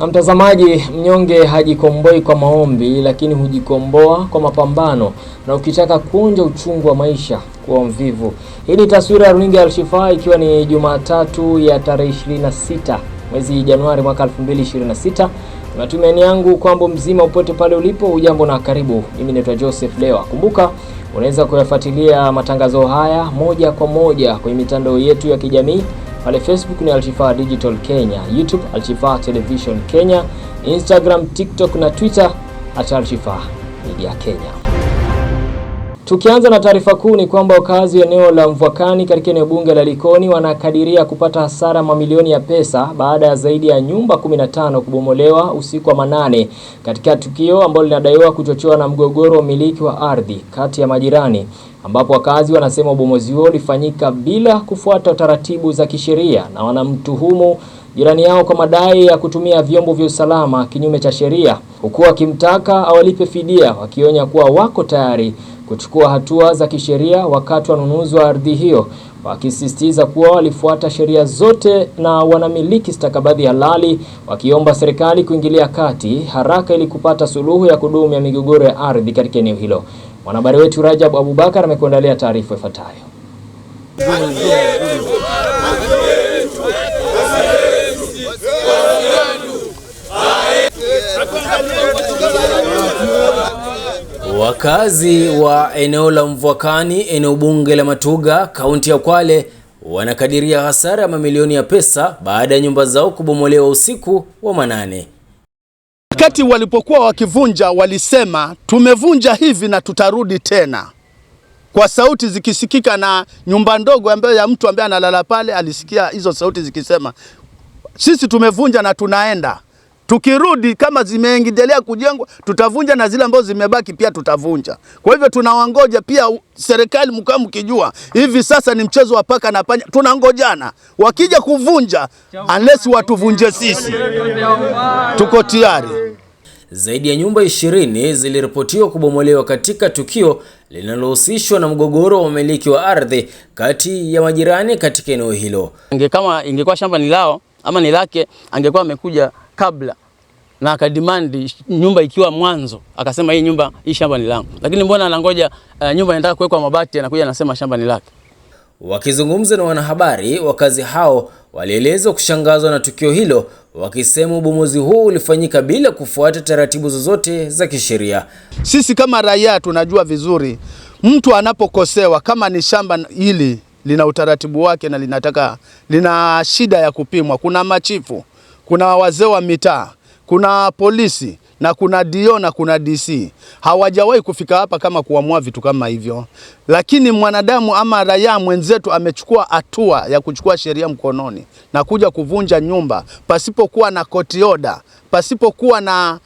Na mtazamaji, mnyonge hajikomboi kwa maombi, lakini hujikomboa kwa mapambano, na ukitaka kuonja uchungu wa maisha, kuwa mvivu. Hii ni taswira ya runinga ya ikiwa ni Jumatatu ya tarehe 26 mwezi Januari mwaka 2026. Matumaini yangu kwamba mzima upote pale ulipo. Ujambo na karibu, mimi naitwa Joseph Lewa. Kumbuka unaweza kuyafuatilia matangazo haya moja kwa moja kwenye mitandao yetu ya kijamii pale Facebook ni Alshifaa Digital Kenya, YouTube Alshifaa Television Kenya, Instagram, TikTok na Twitter at Alshifaa Media Kenya. Tukianza na taarifa kuu ni kwamba wakazi wa eneo la Mvwakani katika eneo bunge la Likoni wanakadiria kupata hasara mamilioni ya pesa baada ya zaidi ya nyumba 15 kubomolewa usiku wa manane katika tukio ambalo linadaiwa kuchochewa na mgogoro wa umiliki wa ardhi kati ya majirani ambapo wakazi wanasema ubomozi huo ulifanyika bila kufuata taratibu za kisheria na wanamtuhumu jirani yao kwa madai ya kutumia vyombo vya usalama kinyume cha sheria, huku wakimtaka awalipe fidia, wakionya kuwa wako tayari kuchukua hatua za kisheria wakati wanunuzi wa ardhi hiyo wakisisitiza kuwa walifuata sheria zote na wanamiliki stakabadhi halali, wakiomba serikali kuingilia kati haraka ili kupata suluhu ya kudumu ya migogoro ya ardhi katika eneo hilo. Mwanahabari wetu Rajab Abubakar amekuandalia taarifa ifuatayo. Wakazi wa eneo la Mvwakani, eneo bunge la Matuga, kaunti ya Kwale wanakadiria hasara ya mamilioni ya pesa baada ya nyumba zao kubomolewa usiku wa manane. Wakati walipokuwa wakivunja, walisema tumevunja hivi na tutarudi tena, kwa sauti zikisikika na nyumba ndogo ambayo ya mtu ambaye analala pale alisikia hizo sauti zikisema, sisi tumevunja na tunaenda Tukirudi kama zimeendelea kujengwa, tutavunja na zile ambazo zimebaki pia tutavunja. Kwa hivyo tunawangoja pia serikali, mkaa mkijua hivi sasa ni mchezo wa paka na panya, tunangojana wakija kuvunja, unless watuvunje sisi, tuko tayari. Zaidi ya nyumba ishirini ziliripotiwa kubomolewa katika tukio linalohusishwa na mgogoro wa umiliki wa ardhi kati ya majirani katika eneo hilo. Kama ingekuwa shamba ni lao ama ni lake, angekuwa amekuja kabla na akademand nyumba ikiwa mwanzo, akasema hii nyumba hii shamba ni langu, lakini mbona anangoja uh, nyumba inataka kuwekwa mabati, anakuja anasema shamba ni lake. Wakizungumza na wanahabari, wakazi hao walielezwa kushangazwa na tukio hilo, wakisema ubomozi huu ulifanyika bila kufuata taratibu zozote za kisheria. Sisi kama raia tunajua vizuri, mtu anapokosewa kama ni shamba hili lina utaratibu wake na linataka lina shida ya kupimwa. Kuna machifu, kuna wazee wa mitaa kuna polisi na kuna DO na kuna DC. Hawajawahi kufika hapa kama kuamua vitu kama hivyo, lakini mwanadamu ama raia mwenzetu amechukua hatua ya kuchukua sheria mkononi na kuja kuvunja nyumba pasipokuwa na koti oda, pasipokuwa na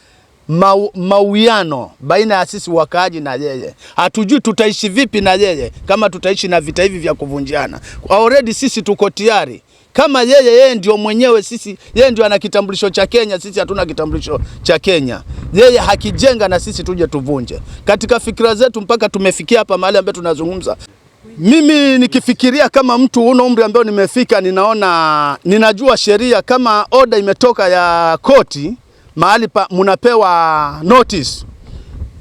mauiano baina ya sisi wakaaji na yeye. Hatujui tutaishi vipi na yeye kama tutaishi na vita hivi vya kuvunjiana. Already sisi tuko tayari kama yeye yeye ndio mwenyewe, sisi yeye ndio ana kitambulisho cha Kenya, sisi hatuna kitambulisho cha Kenya. Yeye hakijenga na sisi tuje tuvunje. Katika fikira zetu mpaka tumefikia hapa mahali ambapo tunazungumza. Mimi nikifikiria kama mtu una umri ambao nimefika, ninaona ninajua sheria. Kama oda imetoka ya koti mahali pa munapewa notice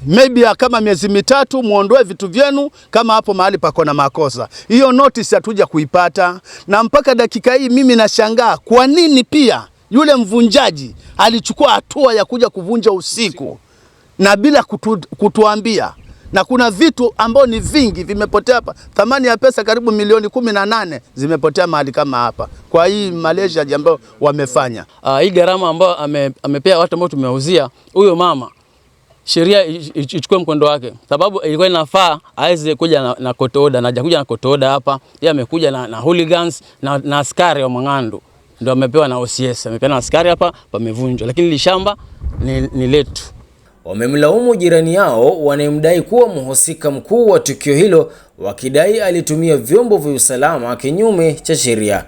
maybe kama miezi mitatu muondoe vitu vyenu kama hapo mahali pako na makosa. Hiyo notice hatuja kuipata, na mpaka dakika hii mimi nashangaa kwa nini pia yule mvunjaji alichukua hatua ya kuja kuvunja usiku na bila kutu, kutuambia na kuna vitu ambao ni vingi vimepotea hapa, thamani ya pesa karibu milioni kumi na nane zimepotea mahali kama hapa kwa hii Malaysia ambayo wamefanya. Uh, hii gharama ambayo amepea watu ambao tumeuzia huyo mama sheria ichukue mkondo wake, sababu ilikuwa inafaa aweze kuja na, na kotoda na hajakuja na kotoda hapa. Yeye amekuja na, na hooligans na, na askari wa Mwang'andu ndio amepewa na OCS, amepewa na askari hapa, pamevunjwa, lakini lishamba ni, ni letu. Wamemlaumu jirani yao wanayemdai kuwa mhusika mkuu wa tukio hilo, wakidai alitumia vyombo vya usalama kinyume cha sheria.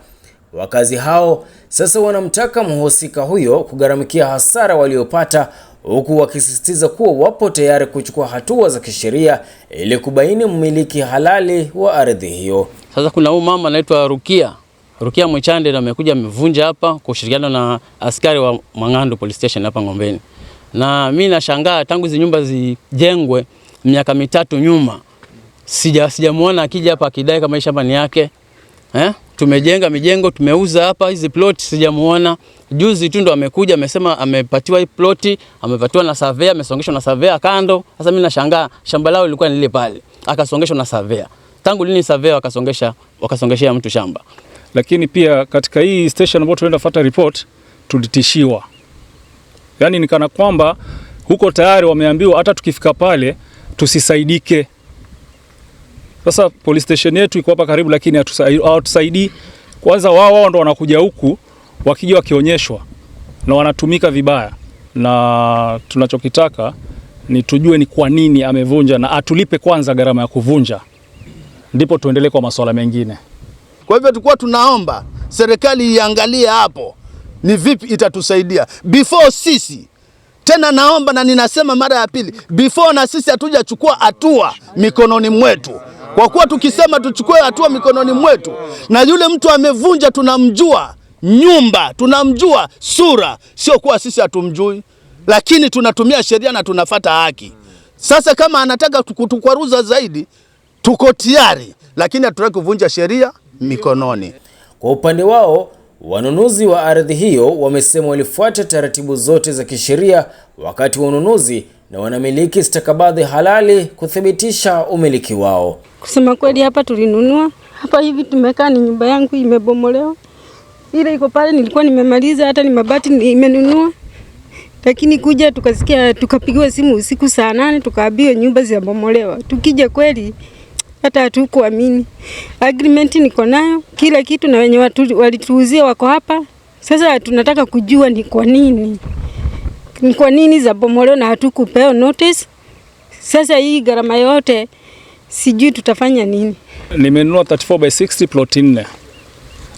Wakazi hao sasa wanamtaka mhusika huyo kugharamikia hasara waliopata huku wakisisitiza kuwa wapo tayari kuchukua hatua za kisheria ili kubaini mmiliki halali wa ardhi hiyo. Sasa kuna huyu mama anaitwa Rukia Rukia Mwichande na amekuja amevunja hapa kwa ushirikiano na askari wa Mang'ando Police Station hapa Ngombeni, na mi nashangaa tangu hizi nyumba zijengwe miaka mitatu nyuma sija sijamuona akija hapa akidai kama hii shamba ni yake eh? Tumejenga mijengo tumeuza hapa hizi plot sijamuona. Juzi tu ndo amekuja amesema amepatiwa hii plot, amepatiwa na survey, amesongeshwa na survey kando. Sasa mimi nashangaa shamba lao lilikuwa ni lile pale, akasongeshwa na survey. Tangu lini survey akasongesha wakasongeshia mtu shamba? Lakini pia katika hii station ambayo tunaenda fuata report tulitishiwa. yani ni kana kwamba huko tayari wameambiwa hata tukifika pale tusisaidike. Sasa police station yetu iko hapa karibu, lakini hatusaidii. Kwanza wao wao ndo wanakuja huku wakija wakionyeshwa na wanatumika vibaya, na tunachokitaka ni tujue ni kwa nini amevunja na atulipe kwanza gharama ya kuvunja, ndipo tuendelee kwa masuala mengine. Kwa hivyo tulikuwa tunaomba serikali iangalie hapo ni vipi itatusaidia before sisi tena naomba na ninasema mara ya pili, before na sisi hatujachukua hatua mikononi mwetu, kwa kuwa tukisema tuchukue hatua mikononi mwetu, na yule mtu amevunja tunamjua, nyumba, tunamjua sura, sio kuwa sisi hatumjui, lakini tunatumia sheria na tunafata haki. Sasa kama anataka kutukwaruza zaidi, tuko tayari, lakini hatutaki kuvunja sheria mikononi. Kwa upande wao wanunuzi wa ardhi hiyo wamesema walifuata taratibu zote za kisheria wakati wa ununuzi na wanamiliki stakabadhi halali kuthibitisha umiliki wao. Kusema kweli, hapa tulinunua hapa, hivi tumekaa, ni nyumba yangu imebomolewa, ile iko pale, nilikuwa nimemaliza hata ni mabati nimenunua, lakini kuja tukasikia, tukapigiwa simu usiku saa nane tukaambiwa nyumba zimebomolewa. Tukija kweli hata hatukuamini. Agreement niko nayo kila kitu, na wenye watu walituuzia wako hapa sasa. Tunataka kujua ni kwa nini, ni kwa nini za zabomolewa na hatukupewa notice. Sasa hii gharama yote sijui tutafanya nini. Nimenunua 34 by 60 plot 4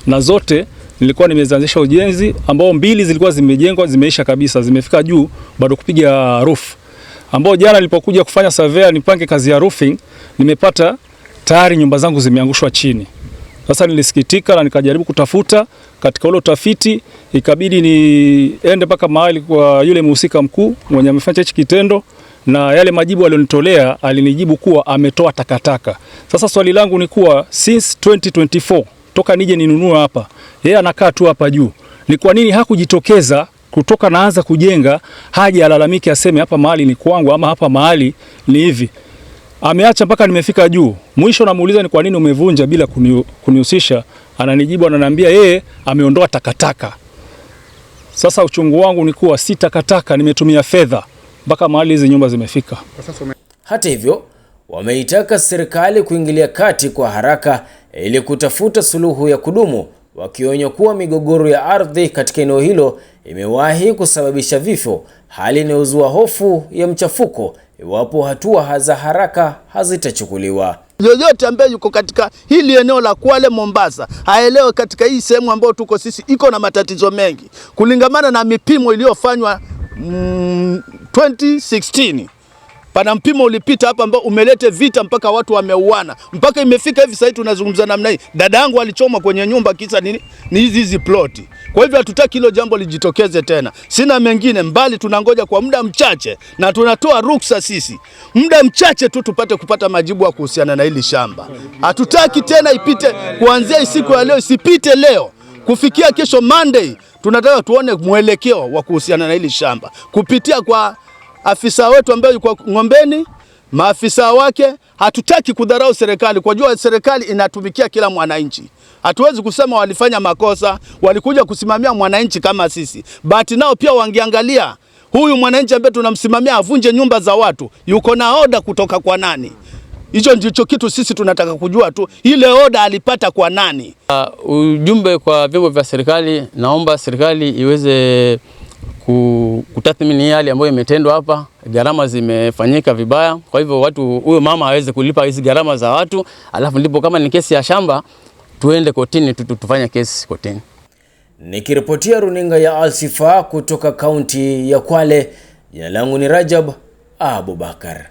na zote nilikuwa nimeanzisha ujenzi ambao mbili zilikuwa zimejengwa zimeisha kabisa, zimefika juu, bado kupiga roof, ambao jana nilipokuja kufanya survey nipange kazi ya roofing, nimepata tayari nyumba zangu zimeangushwa chini. Sasa nilisikitika na nikajaribu kutafuta katika ule utafiti, ikabidi niende mpaka mahali kwa yule mhusika mkuu mwenye amefanya hichi kitendo, na yale majibu alionitolea, alinijibu kuwa ametoa takataka. Sasa swali langu ni kuwa since 2024 toka nije ninunua hapa yeye anakaa tu hapa juu. Ni kwa nini hakujitokeza kutoka naanza kujenga haja alalamike, aseme hapa mahali ni kwangu ama hapa mahali ni hivi? Ameacha mpaka nimefika juu. Mwisho namuuliza ni kwa nini umevunja bila kunihusisha, ananijibu ananiambia yeye ameondoa takataka. Sasa uchungu wangu ni kuwa si takataka, nimetumia fedha mpaka mahali hizi nyumba zimefika. Hata hivyo, wameitaka serikali kuingilia kati kwa haraka ili kutafuta suluhu ya kudumu wakionya kuwa migogoro ya ardhi katika eneo hilo imewahi kusababisha vifo, hali inayozua hofu ya mchafuko iwapo hatua za haraka hazitachukuliwa. Yoyote ambaye yuko katika hili eneo la Kwale Mombasa haelewe katika hii sehemu ambayo tuko sisi iko na matatizo mengi kulingamana na mipimo iliyofanywa mm, 2016 Pana mpimo ulipita hapa ambao umelete vita mpaka watu wameuana, mpaka imefika hivi sasa tunazungumza namna hii. Dada yangu alichomwa kwenye nyumba, kisa nini? Ni hizi hizi plot. Kwa hivyo hatutaki hilo jambo lijitokeze tena. Sina mengine mbali, tunangoja kwa muda mchache na tunatoa ruksa sisi, muda mchache tu tupate kupata majibu ya kuhusiana na hili shamba. Hatutaki tena ipite kuanzia siku ya leo, isipite leo kufikia kesho Monday. Tunataka tuone mwelekeo wa kuhusiana na hili shamba kupitia kwa afisa wetu ambaye yuko ng'ombeni, maafisa wake. Hatutaki kudharau serikali kwa jua serikali inatumikia kila mwananchi. Hatuwezi kusema walifanya makosa, walikuja kusimamia mwananchi kama sisi. Bahati nao pia wangeangalia huyu mwananchi ambaye tunamsimamia avunje nyumba za watu, yuko na oda kutoka kwa nani? Hicho ndicho kitu sisi tunataka kujua tu, ile oda alipata kwa nani? Uh, ujumbe kwa vyombo vya serikali, naomba serikali iweze kutathmini hali ambayo imetendwa hapa, gharama zimefanyika vibaya. Kwa hivyo watu, huyo mama aweze kulipa hizi gharama za watu, alafu ndipo kama ni kesi ya shamba tuende kotini, tufanye kesi kotini. Nikiripotia runinga ya Alsifa kutoka kaunti ya Kwale, jina langu ni Rajab Abubakar.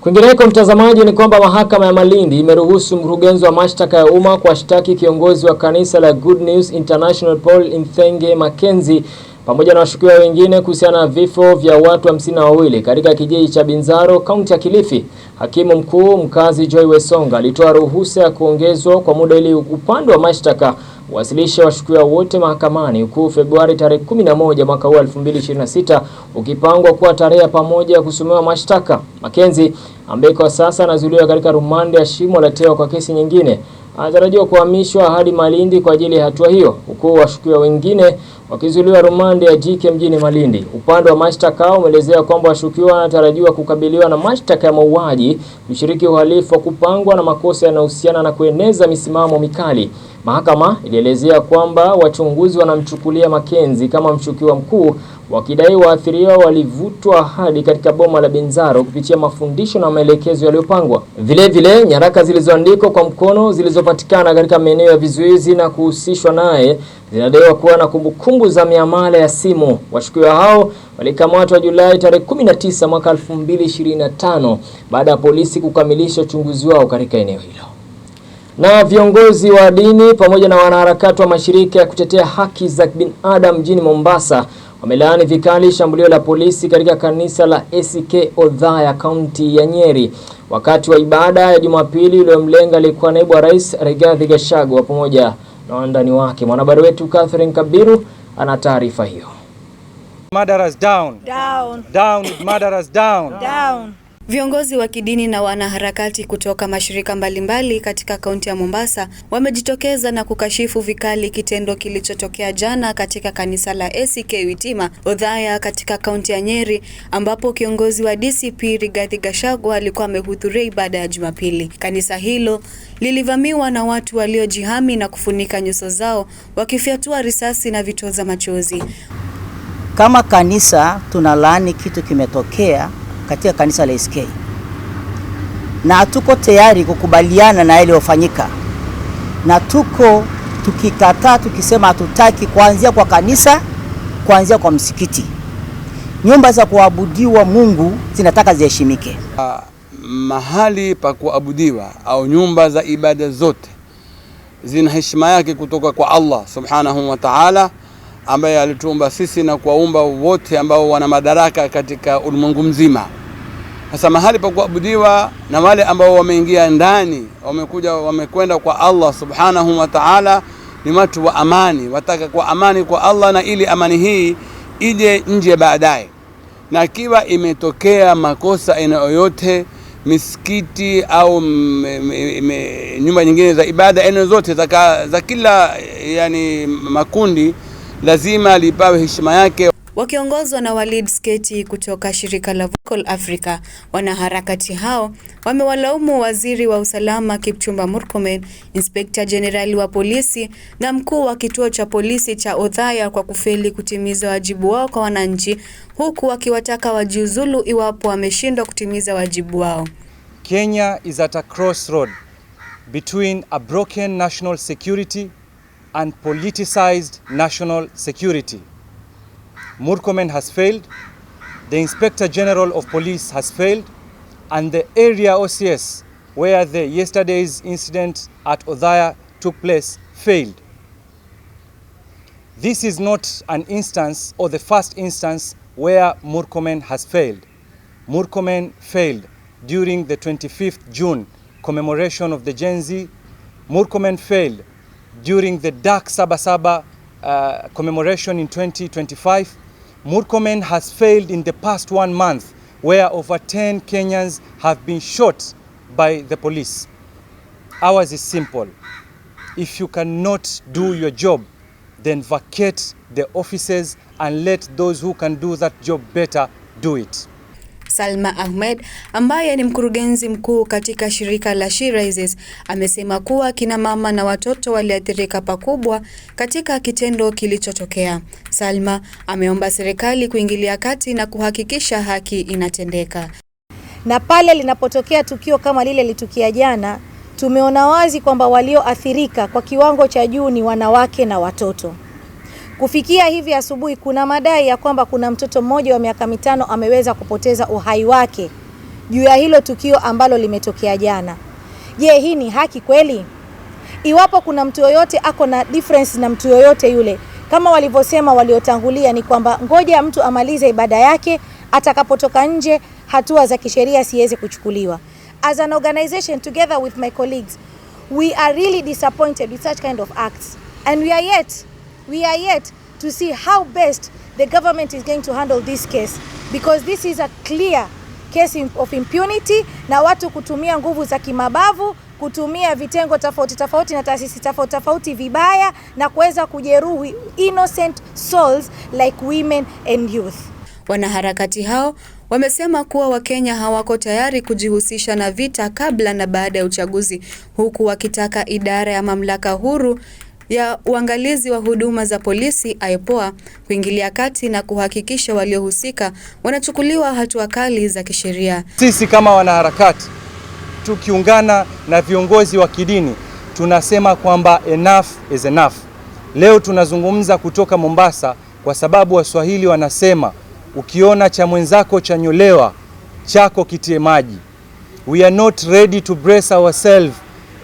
Kwingineko mtazamaji, ni kwamba mahakama ya Malindi imeruhusu mkurugenzi wa mashtaka ya umma kuwashtaki kiongozi wa kanisa la Good News International Paul Nthenge Mackenzie pamoja na washukiwa wengine kuhusiana na vifo vya watu hamsini na wawili katika kijiji cha Binzaro, kaunti ya Kilifi. Hakimu mkuu mkazi Joy Wesonga alitoa ruhusa ya kuongezwa kwa muda ili upande wa mashtaka kuwasilisha washukiwa wote mahakamani huku Februari tarehe 11 mwaka huu 2026 ukipangwa kuwa tarehe ya pamoja ya kusomewa mashtaka. Makenzi ambaye kwa sasa anazuiliwa katika rumande ya Shimo la Tewa kwa kesi nyingine anatarajiwa kuhamishwa hadi Malindi kwa ajili ya hatua hiyo, huku washukiwa wengine wakizuiliwa rumande ya jike mjini Malindi. Upande wa mashtaka umeelezea kwamba washukiwa wanatarajiwa kukabiliwa na mashtaka ya mauaji, kushiriki uhalifu wa kupangwa na makosa yanayohusiana na kueneza misimamo mikali Mahakama ilielezea kwamba wachunguzi wanamchukulia Makenzi kama mshukiwa mkuu, wakidai waathiriwa walivutwa hadi katika boma la Benzaro kupitia mafundisho na maelekezo yaliyopangwa. Vilevile, nyaraka zilizoandikwa kwa mkono zilizopatikana katika maeneo ya vizuizi na kuhusishwa naye zinadaiwa kuwa na kumbukumbu za miamala ya simu. Washukiwa hao walikamatwa Julai tarehe 19 mwaka 2025 baada ya polisi kukamilisha uchunguzi wao katika eneo hilo na viongozi wa dini pamoja na wanaharakati wa mashirika ya kutetea haki za binadamu mjini Mombasa wamelaani vikali shambulio la polisi katika kanisa la ACK Othaya kaunti ya Nyeri wakati wa ibada ya Jumapili iliyomlenga aliyekuwa naibu wa rais Rigathi Gachagua pamoja na wandani wake. Mwanahabari wetu Catherine Kabiru ana taarifa hiyo. Murderers down. Down. Down. Murderers down. Down. Viongozi wa kidini na wanaharakati kutoka mashirika mbalimbali katika kaunti ya Mombasa wamejitokeza na kukashifu vikali kitendo kilichotokea jana katika kanisa la ACK Witima Odhaya katika kaunti ya Nyeri ambapo kiongozi wa DCP Rigathi Gachagua alikuwa amehudhuria ibada ya Jumapili. Kanisa hilo lilivamiwa na watu waliojihami na kufunika nyuso zao wakifyatua risasi na vitoza machozi. Kama kanisa tunalaani kitu kimetokea katika kanisa la SK na tuko tayari kukubaliana na yaliyofanyika, na tuko tukikataa, tukisema hatutaki, kuanzia kwa kanisa, kuanzia kwa msikiti, nyumba za kuabudiwa Mungu zinataka ziheshimike. Ah, mahali pa kuabudiwa au nyumba za ibada zote zina heshima yake kutoka kwa Allah subhanahu wa ta'ala, ambaye alituumba sisi na kuwaumba wote ambao wana madaraka katika ulimwengu mzima. Sasa mahali pa kuabudiwa na wale ambao wameingia ndani, wamekuja wamekwenda kwa Allah subhanahu wa ta'ala, ni watu wa amani, wataka kwa amani kwa Allah, na ili amani hii ije nje baadaye. Na kiwa imetokea makosa aina yoyote, misikiti au nyumba nyingine za ibada, aina zote za kila yani makundi, lazima lipawe heshima yake. Wakiongozwa na Walid Sketi kutoka shirika la Vocal Africa, wanaharakati hao wamewalaumu waziri wa usalama Kipchumba Murkomen, inspekta jenerali wa polisi na mkuu wa kituo cha polisi cha Othaya kwa kufeli kutimiza wajibu wao kwa wananchi, huku wakiwataka wajiuzulu iwapo wameshindwa kutimiza wajibu wao. Kenya is at a crossroad between a broken national security and politicized national security. Murkomen has failed, the Inspector General of Police has failed, and the area OCS where the yesterday's incident at Odhaya took place failed. This is not an instance or the first instance where Murkomen has failed. Murkomen failed during the 25th June commemoration of the Gen Z. Murkomen failed during the Dark Sabasaba uh, commemoration in 2025. Murkomen has failed in the past one month where over 10 Kenyans have been shot by the police. Ours is simple. If you cannot do your job, then vacate the offices and let those who can do that job better do it. Salma Ahmed ambaye ni mkurugenzi mkuu katika shirika la She Rises amesema kuwa kina mama na watoto waliathirika pakubwa katika kitendo kilichotokea. Salma ameomba serikali kuingilia kati na kuhakikisha haki inatendeka. Na pale linapotokea tukio kama lile litukia jana, tumeona wazi kwamba walioathirika kwa kiwango cha juu ni wanawake na watoto. Kufikia hivi asubuhi, kuna madai ya kwamba kuna mtoto mmoja wa miaka mitano ameweza kupoteza uhai wake juu ya hilo tukio ambalo limetokea jana. Je, hii ni haki kweli? Iwapo kuna mtu yoyote ako na difference na mtu yoyote yule, kama walivyosema waliotangulia, ni kwamba ngoja mtu amalize ibada yake, atakapotoka nje hatua za kisheria siweze kuchukuliwa. As an organization together with my colleagues we are really disappointed with such kind of acts and we are yet We are yet to see how best the government is going to handle this case because this is a clear case of impunity na watu kutumia nguvu za kimabavu kutumia vitengo tofauti tofauti na taasisi tofauti tofauti vibaya na kuweza kujeruhi innocent souls like women and youth. Wanaharakati hao wamesema kuwa Wakenya hawako tayari kujihusisha na vita kabla na baada ya uchaguzi, huku wakitaka idara ya mamlaka huru ya uangalizi wa huduma za polisi IPOA kuingilia kati na kuhakikisha waliohusika wanachukuliwa hatua kali za kisheria. Sisi kama wanaharakati tukiungana na viongozi wa kidini tunasema kwamba enough is enough. Leo tunazungumza kutoka Mombasa kwa sababu Waswahili wanasema ukiona cha mwenzako chanyolewa chako kitie maji. We are not ready to brace ourselves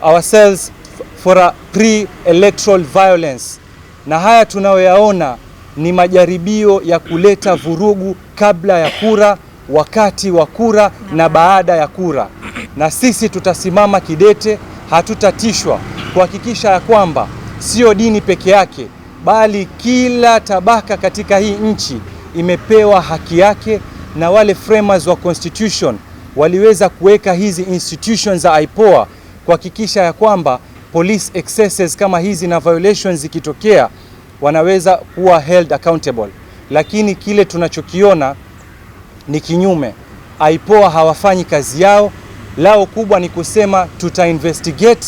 ourselves for pre-electoral violence, na haya tunayoyaona ni majaribio ya kuleta vurugu kabla ya kura, wakati wa kura na baada ya kura, na sisi tutasimama kidete, hatutatishwa kuhakikisha ya kwamba sio dini peke yake, bali kila tabaka katika hii nchi imepewa haki yake, na wale framers wa constitution waliweza kuweka hizi institutions za IPOA kuhakikisha ya kwamba police excesses kama hizi na violations zikitokea, wanaweza kuwa held accountable, lakini kile tunachokiona ni kinyume. Aipoa hawafanyi kazi yao, lao kubwa ni kusema tuta investigate,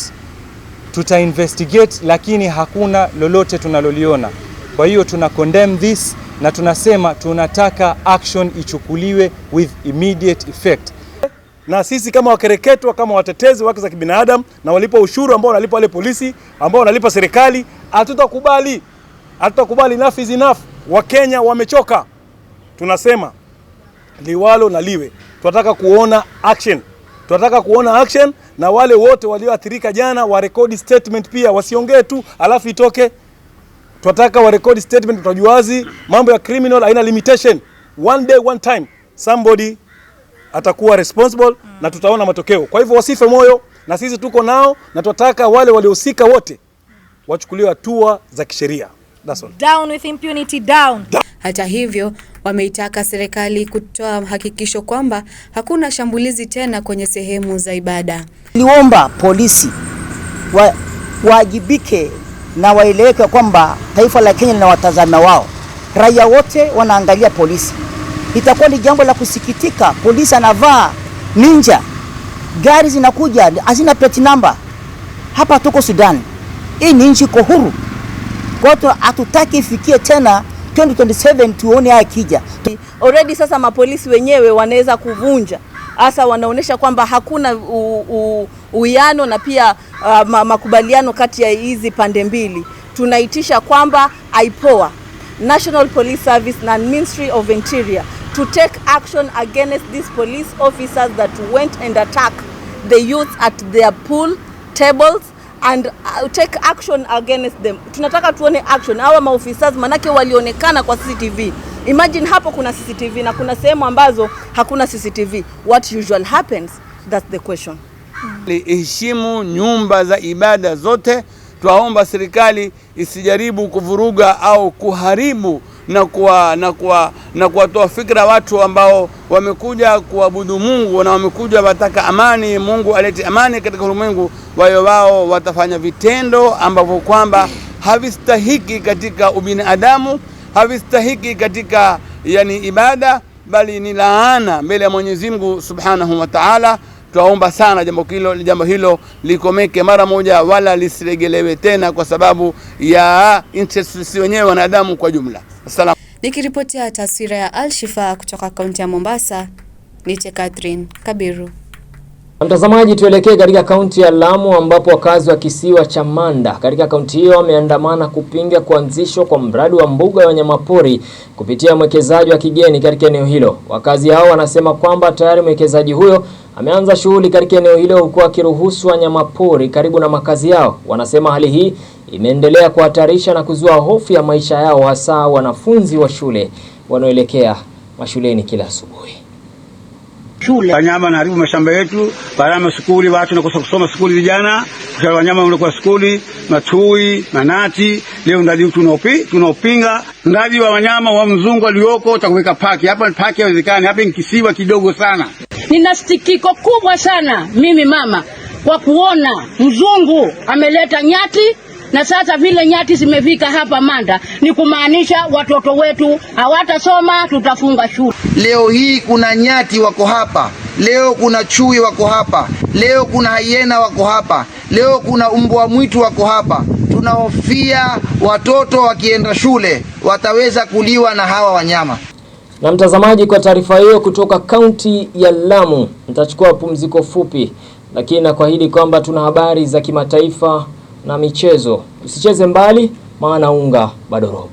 tuta investigate, lakini hakuna lolote tunaloliona. Kwa hiyo tuna condemn this na tunasema tunataka action ichukuliwe with immediate effect na sisi kama wakereketwa, kama watetezi wa haki za kibinadamu na walipa ushuru ambao wanalipa wale polisi ambao wanalipa serikali, hatutakubali, hatutakubali. Enough is enough. Wakenya wamechoka, tunasema liwalo na liwe. Tunataka kuona action, tunataka kuona action, na wale wote walioathirika jana warekodi statement pia, wasiongee tu alafu itoke. Tunataka warekodi statement, tutajuazi mambo ya criminal aina limitation. One day one time somebody atakuwa responsible mm. na tutaona matokeo. Kwa hivyo wasife moyo, na sisi tuko nao, na tunataka wale waliohusika wote wachukuliwe hatua za kisheria. That's all. Down with impunity, down. Down. Hata hivyo wameitaka serikali kutoa hakikisho kwamba hakuna shambulizi tena kwenye sehemu za ibada. Niomba polisi wa, waajibike na waeleweke kwamba taifa la Kenya lina watazama wao, raia wote wanaangalia polisi itakuwa ni jambo la kusikitika. Polisi anavaa ninja, gari zinakuja hazina plate number. Hapa tuko Sudan, hii ni nchi iko huru. Kwa hiyo hatutaki ifikie tena 2027 tuone haya kija. Already sasa mapolisi wenyewe wanaweza kuvunja hasa wanaonyesha kwamba hakuna uwiano na pia uh, makubaliano kati ya hizi pande mbili. Tunaitisha kwamba IPOA, National Police Service na Ministry of Interior to take action against these police officers that went and attacked the youth at their pool tables and uh, take action against them. Tunataka tuone action hawa maofisa, manake walionekana kwa CCTV. Imagine hapo kuna CCTV na kuna sehemu ambazo hakuna CCTV. What usually happens? That's the question. Heshimu nyumba za ibada zote, twaomba serikali isijaribu kuvuruga au kuharibu na kuwatoa na kuwa, na kuwa fikra watu ambao wamekuja kuabudu Mungu na wamekuja wataka amani, Mungu alete amani katika ulimwengu. Kwa wao watafanya vitendo ambavyo kwamba havistahiki katika ubinadamu, havistahiki katika yani ibada, bali ni laana mbele ya Mwenyezi Mungu Subhanahu wa Ta'ala. Twaomba sana jambo hilo, jambo hilo likomeke mara moja, wala lisiregelewe tena, kwa sababu ya interest si wenyewe wanadamu kwa jumla. Salam. Nikiripotia taswira ya Al kutoka kaunti ya Mombasa, nite Catherine Kabiru. Mtazamaji, tuelekee katika kaunti ya Lamu ambapo wakazi wa kisiwa cha Manda katika kaunti hiyo wameandamana kupinga kuanzishwa kwa mradi wa mbuga ya wanyamapori kupitia mwekezaji wa kigeni katika eneo hilo. Wakazi hao wanasema kwamba tayari mwekezaji huyo ameanza shughuli katika eneo hilo huku akiruhusu wanyamapori karibu na makazi yao. Wanasema hali hii imeendelea kuhatarisha na kuzua hofu ya maisha yao, hasa wanafunzi wa shule wanaoelekea mashuleni kila asubuhi. Shule wanyama wanaharibu mashamba yetu, barama shule, watu nakosa kusoma skuli vijana kwa wanyama wanakuwa shule, matui manati. Leo ndadi tunaopi tunaopinga ndadi wa wanyama wa mzungu alioko utakuweka paki hapa, paki haiwezekani hapa, ni kisiwa kidogo sana. Nina stikiko kubwa sana mimi mama kwa kuona mzungu ameleta nyati na sasa vile nyati zimefika hapa Manda ni kumaanisha watoto wetu hawatasoma, tutafunga shule. Leo hii kuna nyati wako hapa, leo kuna chui wako hapa, leo kuna hyena wako hapa, leo kuna mbwa mwitu wako hapa. Tunahofia watoto wakienda shule wataweza kuliwa na hawa wanyama. Na mtazamaji, kwa taarifa hiyo kutoka kaunti ya Lamu, nitachukua pumziko fupi, lakini nakuahidi kwamba tuna habari za kimataifa na michezo. Usicheze mbali, maana unga bado robo.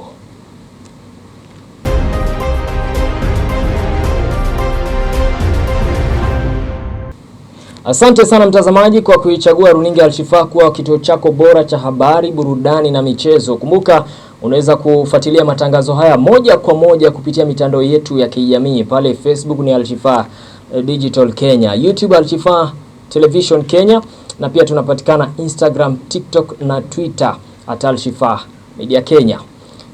Asante sana mtazamaji kwa kuichagua runinga Alshifa kuwa kituo chako bora cha habari, burudani na michezo. Kumbuka unaweza kufuatilia matangazo haya moja kwa moja kupitia mitandao yetu ya kijamii pale Facebook ni Alshifa eh, Digital Kenya, YouTube Alshifa Television Kenya na pia tunapatikana Instagram, TikTok na Twitter at Media Kenya.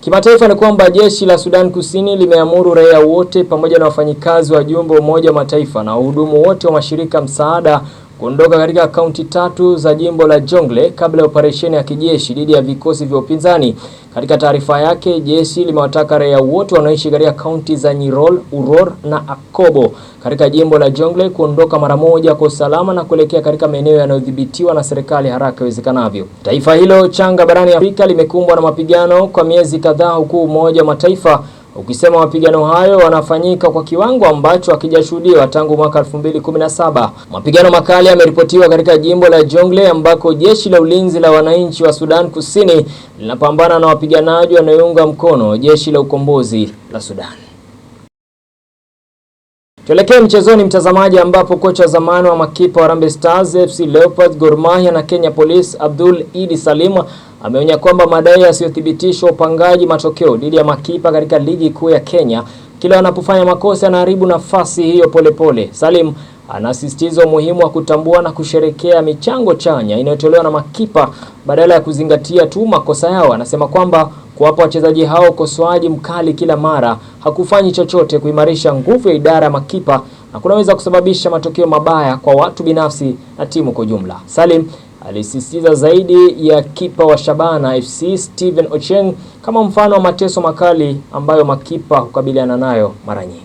Kimataifa ni kwamba jeshi la Sudan Kusini limeamuru raia wote pamoja na wafanyikazi wa jumbe Umoja wa Mataifa na wahudumu wote wa mashirika msaada kuondoka katika kaunti tatu za jimbo la Jonglei kabla ya operesheni ya kijeshi dhidi ya vikosi vya upinzani. Katika taarifa yake, jeshi limewataka raia wote wanaoishi katika kaunti za Nyirol, Uror na Akobo katika jimbo la Jonglei kuondoka mara moja kwa usalama na kuelekea katika maeneo yanayodhibitiwa na serikali haraka iwezekanavyo. Taifa hilo changa barani Afrika limekumbwa na mapigano kwa miezi kadhaa huku Umoja wa Mataifa ukisema mapigano hayo wanafanyika kwa kiwango ambacho hakijashuhudiwa tangu mwaka 2017. Mapigano makali yameripotiwa katika jimbo la Jonglei ambako jeshi la ulinzi la wananchi wa Sudan Kusini linapambana na wapiganaji wanaounga mkono jeshi la ukombozi la Sudan. Tuelekee mchezoni mtazamaji, ambapo kocha wa zamani wa makipa wa Harambee Stars, FC Leopards, Gor Mahia na Kenya Police Abdul Idi salima ameonya kwamba madai yasiyothibitishwa upangaji matokeo dhidi ya makipa katika ligi kuu ya Kenya kila wanapofanya makosa anaharibu nafasi hiyo polepole pole. Salim anasisitiza umuhimu wa kutambua na kusherekea michango chanya inayotolewa na makipa badala ya kuzingatia tu makosa yao. Anasema kwamba kuwapa wachezaji hao ukosoaji mkali kila mara hakufanyi chochote kuimarisha nguvu ya idara ya makipa na kunaweza kusababisha matokeo mabaya kwa watu binafsi na timu kwa ujumla. Salim alisisitiza zaidi ya kipa wa Shabana FC Steven Ocheng kama mfano wa mateso makali ambayo makipa hukabiliana nayo mara nyingi.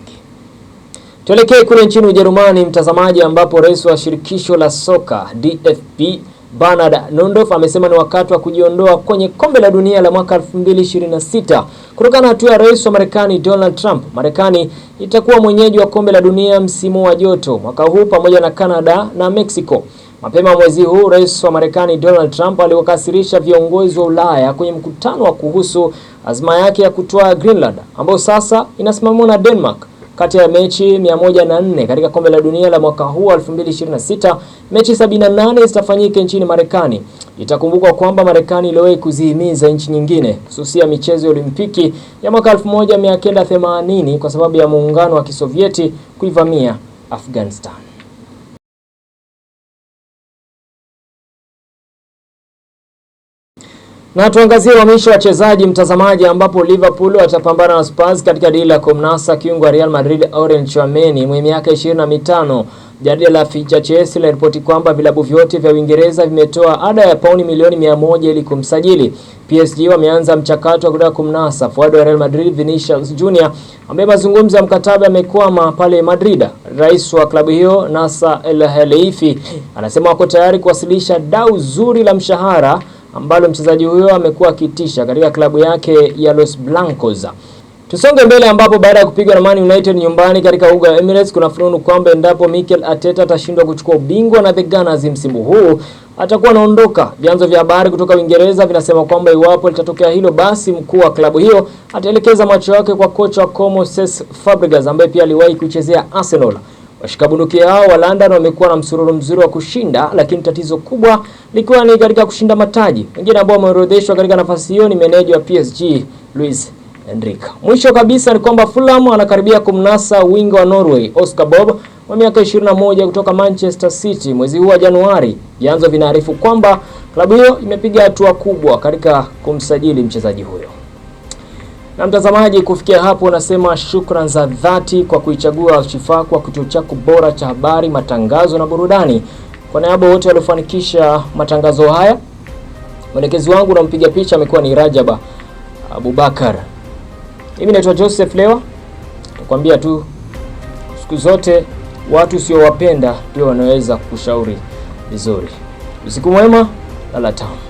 Tuelekee kule nchini Ujerumani, mtazamaji, ambapo rais wa shirikisho la soka DFB Bernard Nondorf amesema ni wakati wa kujiondoa kwenye kombe la dunia la mwaka 2026 kutokana na hatua ya rais wa Marekani Donald Trump. Marekani itakuwa mwenyeji wa kombe la dunia msimu wa joto mwaka huu pamoja na Canada na Mexico. Mapema mwezi huu rais wa Marekani Donald Trump aliwakasirisha viongozi wa Ulaya kwenye mkutano wa kuhusu azma yake ya kutoa Greenland ambayo sasa inasimamiwa na Denmark. Kati ya mechi 104 katika kombe la dunia la mwaka huu 2026, mechi 78 zitafanyika nchini Marekani. Itakumbukwa kwamba Marekani iliwahi kuzihimiza nchi nyingine kususia michezo ya Olimpiki ya mwaka 1980 kwa sababu ya muungano wa Kisovieti kuivamia Afghanistan. Na tuangazie uhamisho wa wachezaji mtazamaji, ambapo Liverpool watapambana na Spurs katika dili la kumnasa kiungo wa Real Madrid Orien Chouameni mwenye miaka 25. Jarida la Ficha Chelsea linaripoti kwamba vilabu vyote vya Uingereza vimetoa ada ya pauni milioni 100 ili kumsajili. PSG wameanza mchakato wa kutaka kumnasa forward wa Real Madrid Vinicius Junior ambaye mazungumzo ya mkataba yamekwama pale Madrid. Rais wa klabu hiyo Nasser El Khelaifi anasema wako tayari kuwasilisha dau zuri la mshahara ambalo mchezaji huyo amekuwa akitisha katika klabu yake ya Los Blancos. Tusonge mbele ambapo baada ya kupigwa na Man United nyumbani katika uga wa Emirates kuna fununu kwamba endapo Mikel Arteta atashindwa kuchukua ubingwa na the Gunners msimu huu atakuwa anaondoka. Vyanzo vya habari kutoka Uingereza vinasema kwamba iwapo litatokea hilo, basi mkuu wa klabu hiyo ataelekeza macho yake kwa kocha wa Como Cesc Fabregas ambaye pia aliwahi kuchezea Arsenal. Washikabunduki hao wa London wamekuwa na msururu mzuri wa kushinda, lakini tatizo kubwa likiwa ni katika kushinda mataji. Wengine ambao wameorodheshwa katika nafasi hiyo ni meneja wa PSG Luis Enrique. Mwisho kabisa ni kwamba Fulham anakaribia kumnasa winga wa Norway Oscar Bob wa miaka 21 kutoka Manchester City mwezi huu wa Januari. Vyanzo vinaarifu kwamba klabu hiyo imepiga hatua kubwa katika kumsajili mchezaji huyo. Na mtazamaji, kufikia hapo nasema shukran za dhati kwa kuichagua Alshifaa kwa kituo chako bora cha habari, matangazo na burudani. Kwa niaba wote waliofanikisha matangazo haya, mwelekezi wangu na mpiga picha amekuwa ni Rajaba Abubakar. Mimi naitwa Joseph Lewa, tukwambia tu siku zote watu usiowapenda ndio wanaweza kushauri vizuri. Usiku mwema, lala tamu.